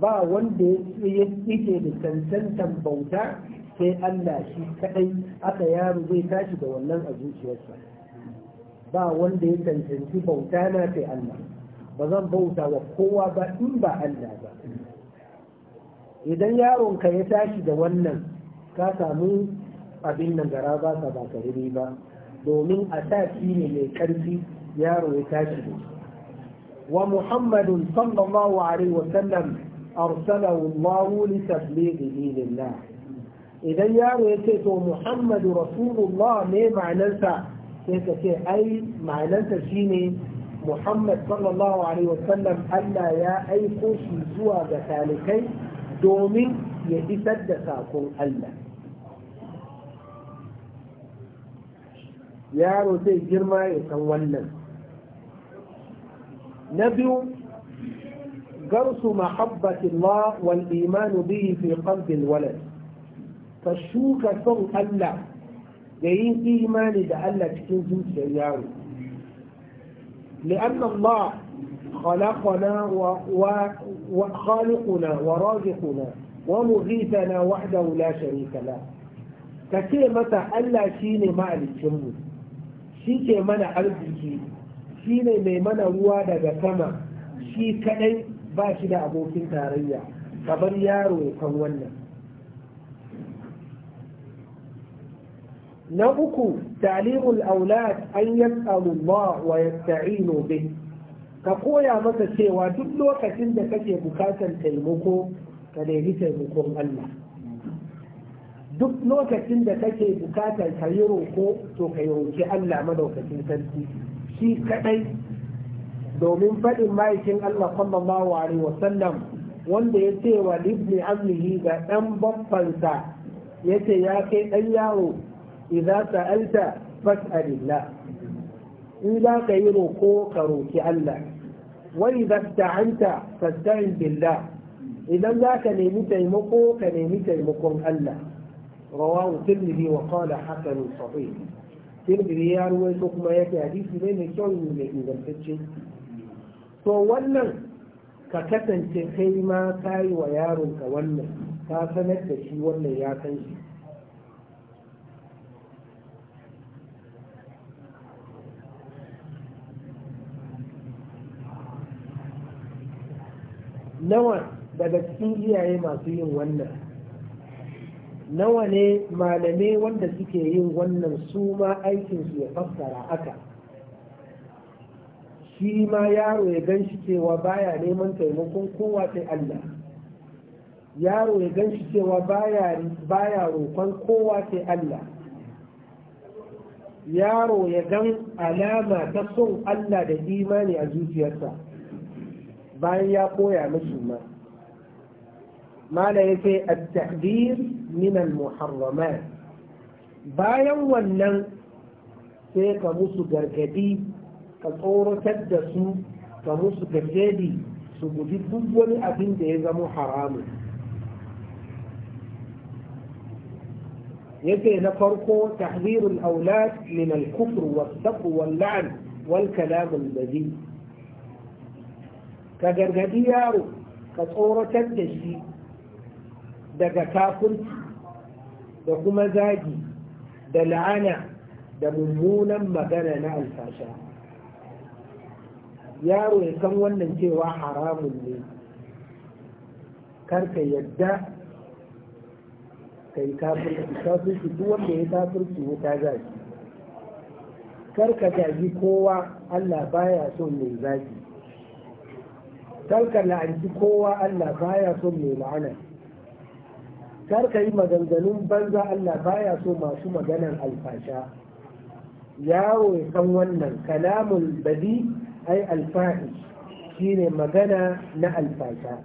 ba wanda ya yake da cancantan bauta sai Allah shi kadai aka yaro zai tashi da wannan a zuciyarsa ba wanda ya cancanci bauta na sai Allah ba zan bauta wa kowa ba in ba Allah ba idan yaronka ya tashi da wannan ka samu abin nan gara ba sa ba karimi ba domin a tafi ne mai karfi yaro ya tashi da wa muhammadun sallallahu alaihi wa sallam arsalahu Allah li tablighi lillah idan yaro ya ce to muhammadu rasulullah ne ma'anarsa sai ka ce ai ma'anarsa shine muhammad sallallahu alaihi wa sallam Allah ya aiko shi zuwa ga talikai domin ya isar da sakon Allah yaro zai girma ya san wannan na biyu غرس محبة الله والإيمان به في قلب الولد فالشوك صن الله يين إيمان ده الله تكنزو سيارو لأن الله خلقنا و... و... وخالقنا ورازقنا ومغيثنا وحده لا شريك له كثير متى ألا شيني ما الجنود shi ke mana arziki shi ne mai mana ruwa daga sama shi kadai ba shi da abokin tarayya kamar yaro kan wannan na uku talimul aulad an yas'alu Allah wa yasta'inu bi ka koya masa cewa duk lokacin da kake bukatar taimako ka nemi taimakon Allah duk lokacin da kake bukatar ka yi roƙo to ka roƙi Allah madaukakin sarki shi kadai domin faɗin ma'aikin Allah sallallahu alaihi wa sallam wanda ya ce wa libni amlihi ga ɗan babbansa ya ce ya kai ɗan yaro idan sa'alta fas'alillah in za ka yi roƙo ka roƙi Allah wa idan ta'anta fasta'in billah idan za ka nemi taimako ka nemi taimakon Allah rawahu tirmidhi wa qala hasan sahih tirmidhi ya ruwaito kuma yake hadisi ne mai kyau mai ingantacce to wannan ka kasance kai ma ka yi wa yaronka wannan ka sanar da shi wannan ya san shi nawa daga cikin iyaye masu yin wannan nawa ne malamai wanda suke yin wannan su ma aikinsu ya fassara aka? shi ma yaro ya gan shi cewa baya neman taimakon kowa sai Allah yaro ya gan shi cewa baya roƙon kowa sai Allah yaro ya gan alama ta son Allah da imani a zuciyarsa bayan ya koya mashi ma. mala ya ce a tahdir min al bayan wannan sai ka musu gargadi ka tsoratar da su ka musu gargadi su guji duk wani abin da ya zama haramun yake na farko tahrirul aulad min al-kufr was-sabr wal-la'n wal-kalam al ka gargadi yaro ka tsoratar da shi daga kafirci da kuma zagi da la'ana da mummunan magana na alfasha yaro ya san wannan cewa haramun ne karka yadda ka yi kafirci kafirci duk wanda ya kafirci wuta zagi karka zagi kowa allah baya son mai zagi ka la'anci kowa allah baya son mai la'ana kar ka yi maganganun banza Allah baya so masu maganan alfasha yawo ya wannan kalamun badi ai alfahi shine magana na alfasha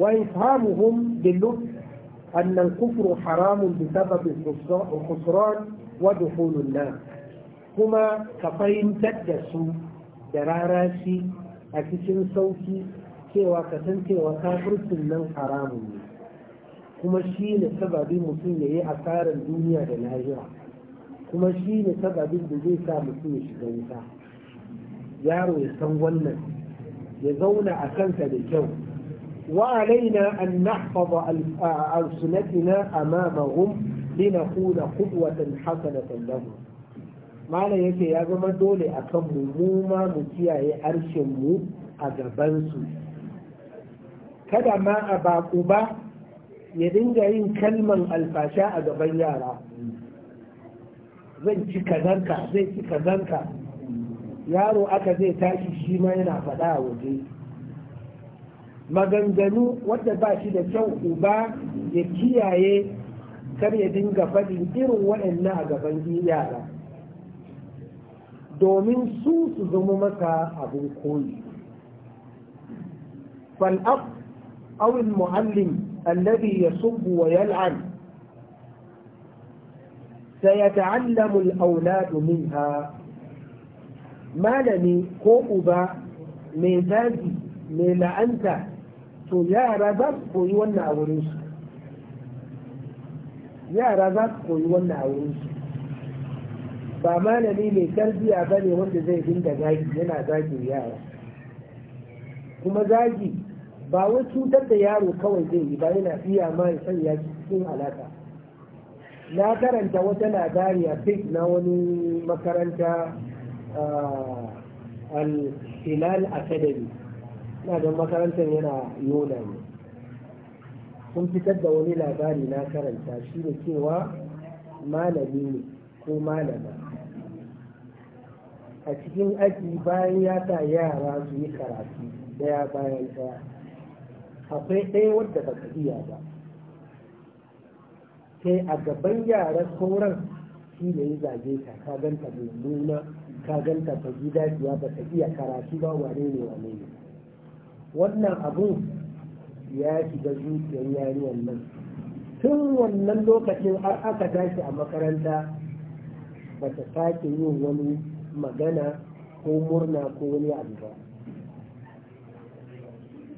wa ifhamuhum bil أن الكفر حرام بسبب الخسران ودخول النار كما كفين تدسوا دراراسي أكسن صوتي cewa ka san nan haramun ne kuma shi ne sababi mutum ya yi asarar duniya da lahira kuma shi ne sababin da zai sa mutum ya shiga wuta yaro ya san wannan ya zauna a kansa da kyau wa alaina an nahfaza alsunatina amamahum linakuna qudwatan hasanatan lahum malam yake ya zama dole akan mu mu ma mu kiyaye arshin mu a gaban su kada ma a baku ba ya dinga yin kalman alfasha a gaban yara Zai ci kazanka zai ci kazanka yaro aka zai tashi shi ma yana faɗa a waje maganganu wadda ba shi da kyau uba ya kiyaye kar ya dinga faɗin irin waɗannan a gaban yara domin su su zama masa abin koyi fal'af أو المعلم الذي يسب ويلعن سيتعلم الأولاد منها malami ko uba mai zagi mai la'anta to yara za su koyi wannan a wurin su ba malami mai tarbiya ba ne wanda zai dinga zagi yana zagin yara kuma zagi ba wai cutar da yaro kawai zai yi ba yana iya ma ya sanya cikin alaka na karanta wata labari a fik na wani makaranta al-hilal academy na don makarantar yana yona ne sun fitar da wani labari na karanta shi ne cewa malami ne ko malama a cikin aji bayan ya ta yara su yi karatu daya bayan daya akwai ɗaya wadda ba ka iya ba sai a gaban yaran sauran shi ne ya zage ka ka ganta mummuna ka ganta ta ji dajiya ba ta iya karatu ba wane ne wane ne wannan abun ya shiga zuciyar yariyar nan tun wannan lokacin har aka tashi a makaranta ba ta sake yin wani magana ko murna ko wani abu ba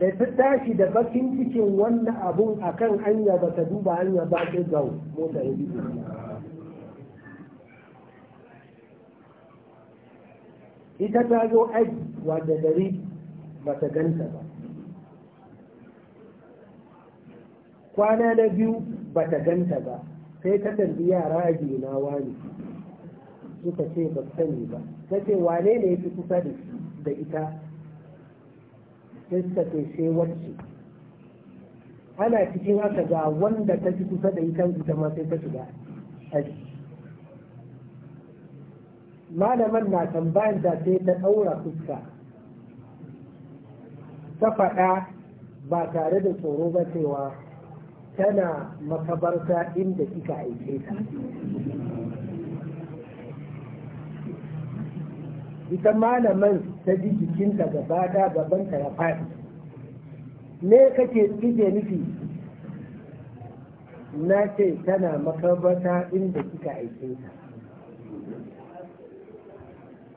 da ta tashi da bakin cikin wannan abun akan hanya ba ta duba hanya ba ta gau mota ya biyu ita ta zo aji wadda dare ba ta ganta ba kwana na biyu ba ta ganta ba sai ta tambi yara a na wani suka ce ba sani ba ta ce wane ne ya fi kusa da ita sai wacce ana cikin haka ga wanda ta ci kusa da ita ita ma sai ta shiga aji malaman na tambayar ta sai ta ɗaura fuska ta faɗa ba tare da tsoro ba cewa tana makabarta inda kika aike ta ita malaman ta ji jikinta gaba ta gabanta ya faɗi me kake kike nufi na ce tana makabata inda kika aike ta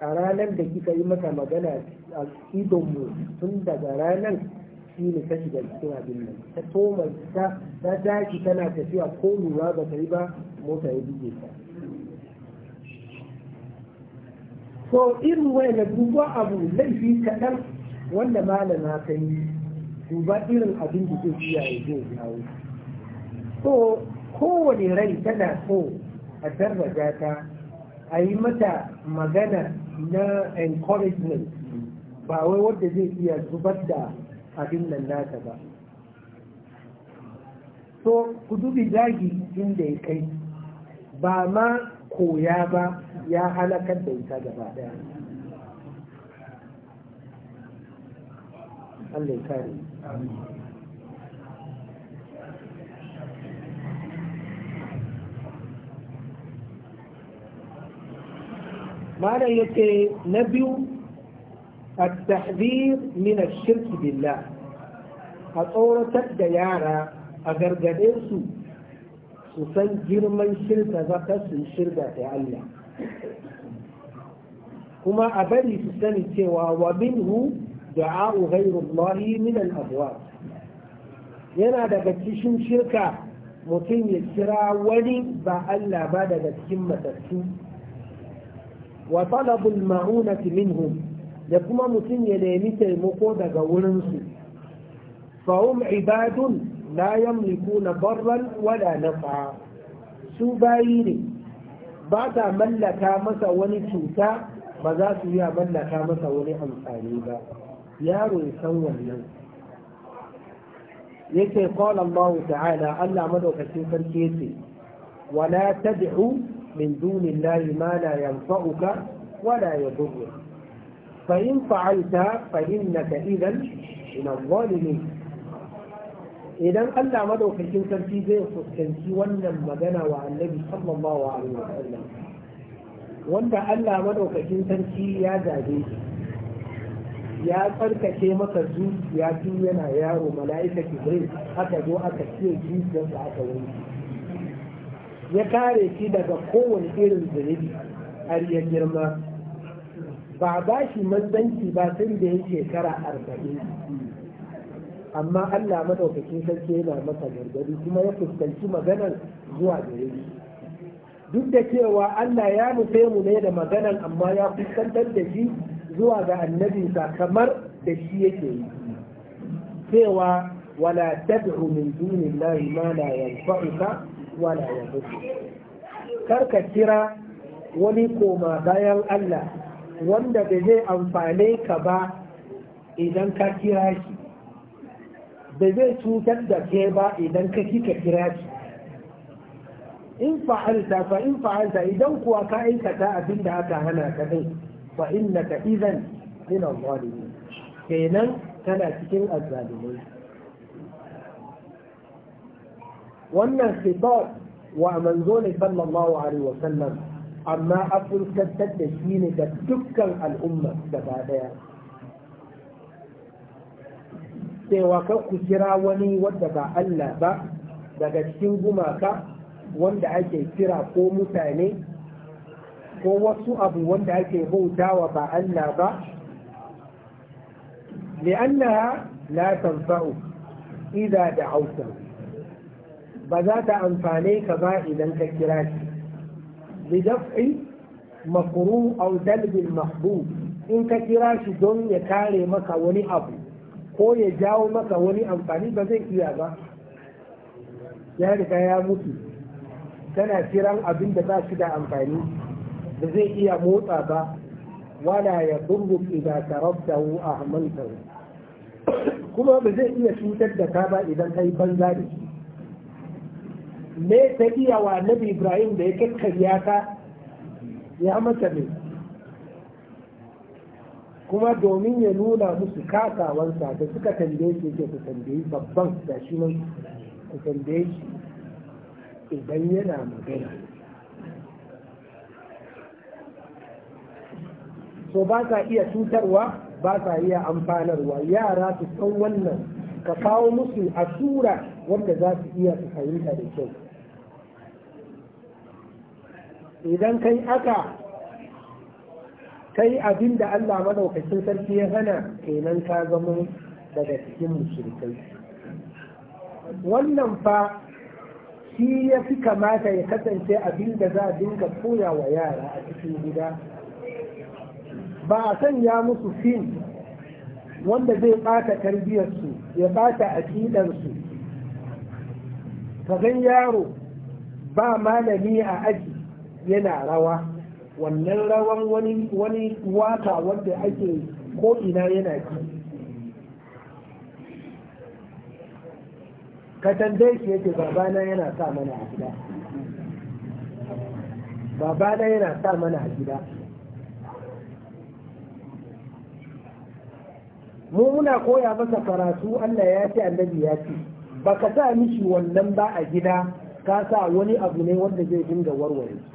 a ranar da kika yi mata magana a idonmu tun daga ranar shi ne ta shiga cikin abin nan ta toma ta daji tana tafiya ko lura ba ta yi ba mota ya buge ta ko irin wayanda duba abu laifi kaɗan wanda malama ta yi duba irin abin da zai iyaye zai jawo to kowane rai tana so a daraja ta a yi mata magana na encouragement ba wai wadda zai iya zubar da abin nan nata ba so ku dubi zagi inda ya kai ba ma koya ba ya halakar da ita gaba daya Allah ya kare معنى يتي نبي التحذير من الشرك billah a tsoratar da yara a gargade su su san girman shirka za ta su shirka ta Allah kuma a bari su sani cewa wa minhu da'a'u ghayrullahi min al-abwab yana daga cikin shirka mutum ya kira wani ba Allah ba daga cikin matattu wa talabul ma'unati minhum da kuma mutum ya nemi taimako daga wurinsu fa'um ibadun la yamlikuna barran wala nafa su bayi ne ba ta mallaka masa wani cuta ba za su yi mallaka masa wani amfani ba yaro ya san wannan yake qala Allah ta'ala Allah madaukakin sarki yace wala tad'u min dunillahi ma la yanfa'uka wala yadurruka fa in fa'alta fa innaka idan min adh-dhalimin idan Allah madaukakin sarki zai fuskanci wannan magana wa annabi sallallahu alaihi sallam wanda Allah madaukakin sarki ya zabe ya tsarkake maka zuciya tun yana yaro mala'ika jibril aka zo aka ce zuciyarsa aka wanke ya kare shi daga kowane irin zunubi har ya girma ba ba shi mazanci ba tun da yake shekara arba'in amma Allah madaukakin sarki yana masa gargadi kuma ya fuskanci maganar zuwa gare shi duk da cewa Allah ya nufe mu ne da maganar amma ya fuskantar da shi zuwa ga annabinsa kamar da shi yake yi cewa wala tad'u min dunillahi ma la yanfa'uka wala yadurruka ka kira wani koma bayan Allah wanda da zai amfane ka ba idan ka kira shi da zai cutar da ke ba idan ka ka kira ki. in fa'alta fa in fa'alta idan kuwa ka aikata abin da aka hana ka dai fa innaka idan min al-zalimin kenan kana cikin azzalimai wannan khitab wa manzo ne sallallahu alaihi wa sallam amma afurkatar da shi ne da dukkan al'umma gaba daya cewa kan ku kira wani wanda ba Allah ba daga cikin gumaka wanda ake kira ko mutane ko wasu abu wanda ake bautawa ba Allah ba li'annaha la tanfa'u idza da'awta ba za ta amfane ka ba idan ka kira shi bi daf'i makru aw dalb al in ka kira shi don ya kare maka wani abu ko ya jawo maka wani amfani ba zai iya ba ya riga ya mutu tana kiran abin da ba shi da amfani da zai iya motsa ba wala ya burbu idan a ahmaltahu kuma ba zai iya cutar da ka ba idan kai banza da shi me ta iya wa nabi ibrahim da ya kakkarya ka ya mace ne kuma domin ya nuna musu kasawansa da suka tambaye shi yake ku tambaye babban da shi nan ku tambaye shi idan yana magana so ba sa iya cutarwa ba sa iya amfanarwa yara su san wannan ka kawo musu asura wanda za su iya su fahimta da kyau idan kai aka kai abin da Allah madaukakin sarki ya hana kenan ka zama daga cikin musulkai wannan fa shi ya fi kamata ya kasance abin da za a dinga koya wa yara a cikin gida ba a ya musu fim wanda zai ɓata tarbiyyarsu ya ɓata aƙidarsu ka gan yaro ba malami a aji yana rawa wannan rawan wani wani wata wanda ake ko ina yana ki? ka tambaye shi yake babana yana sa mana a gida babana yana sa mana a gida mu muna koya masa karatu Allah ya ce annabi ya ce baka sa mishi wannan ba a gida ka sa wani abu ne wanda zai dinga warware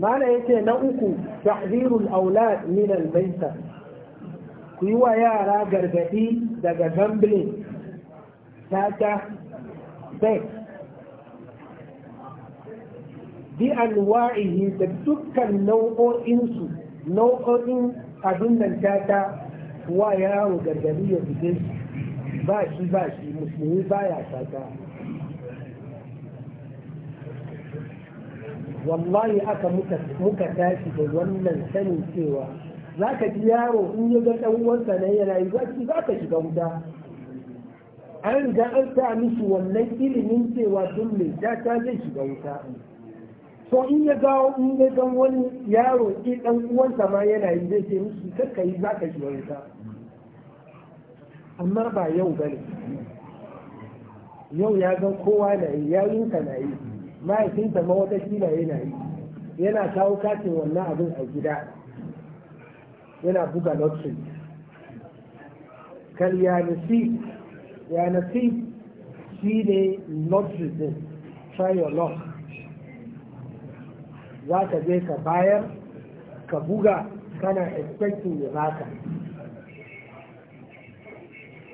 mana yake na uku tahzirul aulad min al maita ku wa yara gargadi daga gambling tata sex bi anwa'ihi da dukkan su nau'o'in abin nan tata wa yaro gargadi ya fice ba shi ba shi musulmi baya tata wallahi aka muka tashi da wannan sanin cewa za ka ji yaro in ya ga ɗan uwansa na yana yi za ka shiga wuta an ga an sa miki wannan ilimin cewa duk mai ta zai shiga wuta so in ya ga in ya ga wani yaro ki dan uwansa ma yana yi zai ce Kar ka yi za ka shiga wuta amma ba yau bane yau ya ga kowa na yi yayinka na yi Mahaifinta ma wata kila yana yi yana kawo katin wannan abin a gida yana buga lottery kal ya nasi ya shi ne lottery din try your luck za ka je ka bayar ka buga kana expecting ya baka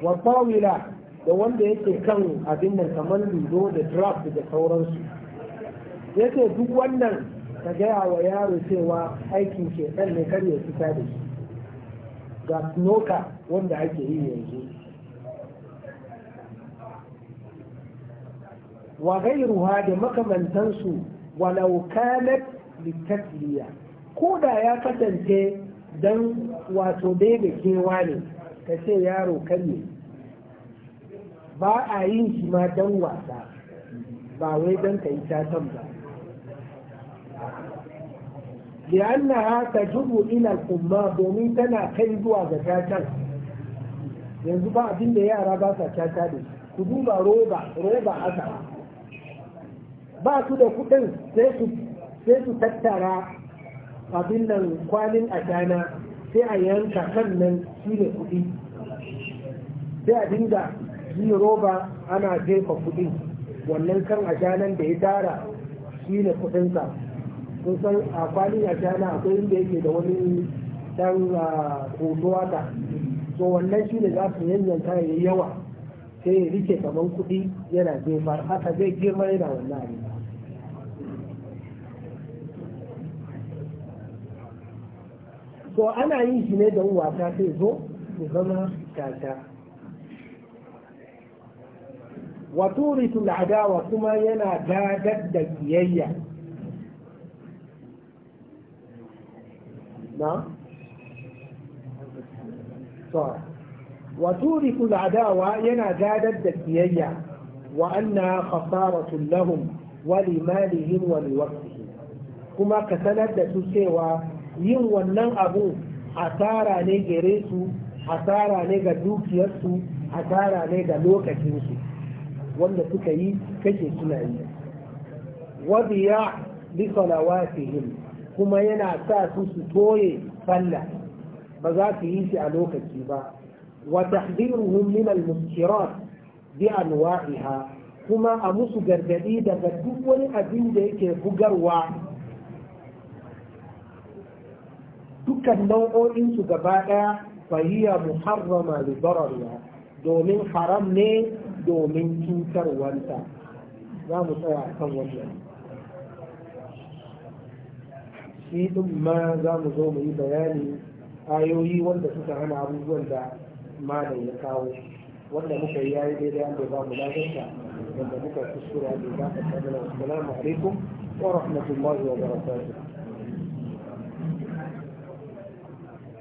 wa da wanda yake kan abin nan kamar ludo da draft da sauransu ya ce duk wannan ka gaya wa yaro cewa aikin ke ɗan ne kar ya fita da shi ga noka wanda ake yi yanzu wa ruwa da makamantansu walau kanat litatliya ko da ya kasance don wato dai da kewa ne ka ce yaro karye ba a yin shi ma don wasa ba wai don ka yi ta ba لأنها تجر إلى الأمة دومين تنا كي زوا زكاة yanzu ba abin da yara ba sa kyata da ku duba roba roba haka ba su da kuɗin sai su tattara abin nan kwanin a dana sai a yanka kan nan shi ne kuɗi sai a dinga yi roba ana jefa kuɗi wannan kan a da ya tara shi ne kuɗinsa kun san a kwalin a shana akwai inda yake da wani dan ah, hoto haka to wannan shi ne za su yanyan ya yawa sai ya rike kamar kuɗi yana jefa haka zai girma yana wannan abin to ana yin shi ne da wasa sai zo su zama tata waturitu al'adawa kuma yana gadar da kiyayya yana gadar da وتورث wa ينا جادت الدكيية وأنها خسارة لهم kuma ka sanar da سوى yin wannan abun asara ne gare su asara ne ga dukiyarsu asara ne ga lokacinsu wanda suka yi kake suna yi wadiya bi salawatihim kuma yana sa su su toye sallah ba za su yi shi a lokaci ba wa tahdiruhum min al-muskirat bi anwa'iha kuma a musu gargadi daga duk wani abin da yake bugarwa dukkan nau'o'in su gaba daya hiya muharrama li darariya domin haram ne domin wanta, za mu tsaya kan wannan shi ɗin ma za mu zo mu yi bayani ayoyi wanda suka hana abubuwan da malam ya kawo wanda muka yi yayi daidai an bai ba mu lafiya wanda muka kuskura bai ba ka sabila assalamu alaikum wa rahmatullahi wa barakatuh